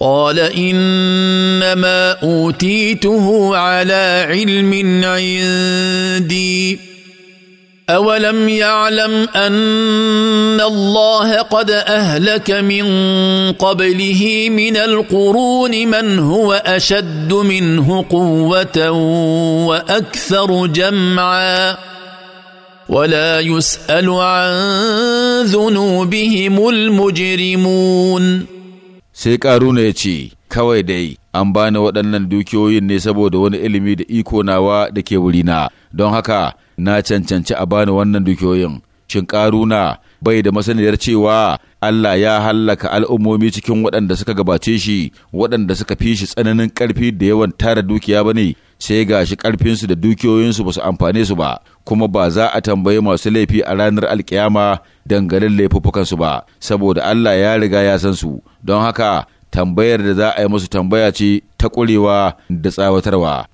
قال انما اوتيته على علم عندي اولم يعلم ان الله قد اهلك من قبله من القرون من هو اشد منه قوه واكثر جمعا ولا يسال عن ذنوبهم المجرمون sai ƙaruna ya ce, Kawai dai, an bani waɗannan dukiyoyin ne saboda wani ilimi da iko nawa da ke wurina, don haka na cancanci a bani wannan dukiyoyin. Shin ƙaruna bai da masaniyar cewa Allah ya hallaka al'ummomi cikin waɗanda suka gabace shi, waɗanda suka fi shi tsananin ƙarfi da yawan tara dukiya ba ne, sai ga shi ƙarfinsu da dukiyoyinsu ba su amfane su ba, kuma ba za a tambayi masu laifi a ranar alkiyama dangane su ba saboda Allah ya riga ya san su don haka tambayar da za a yi musu tambaya ce ta ƙurewa da tsawatarwa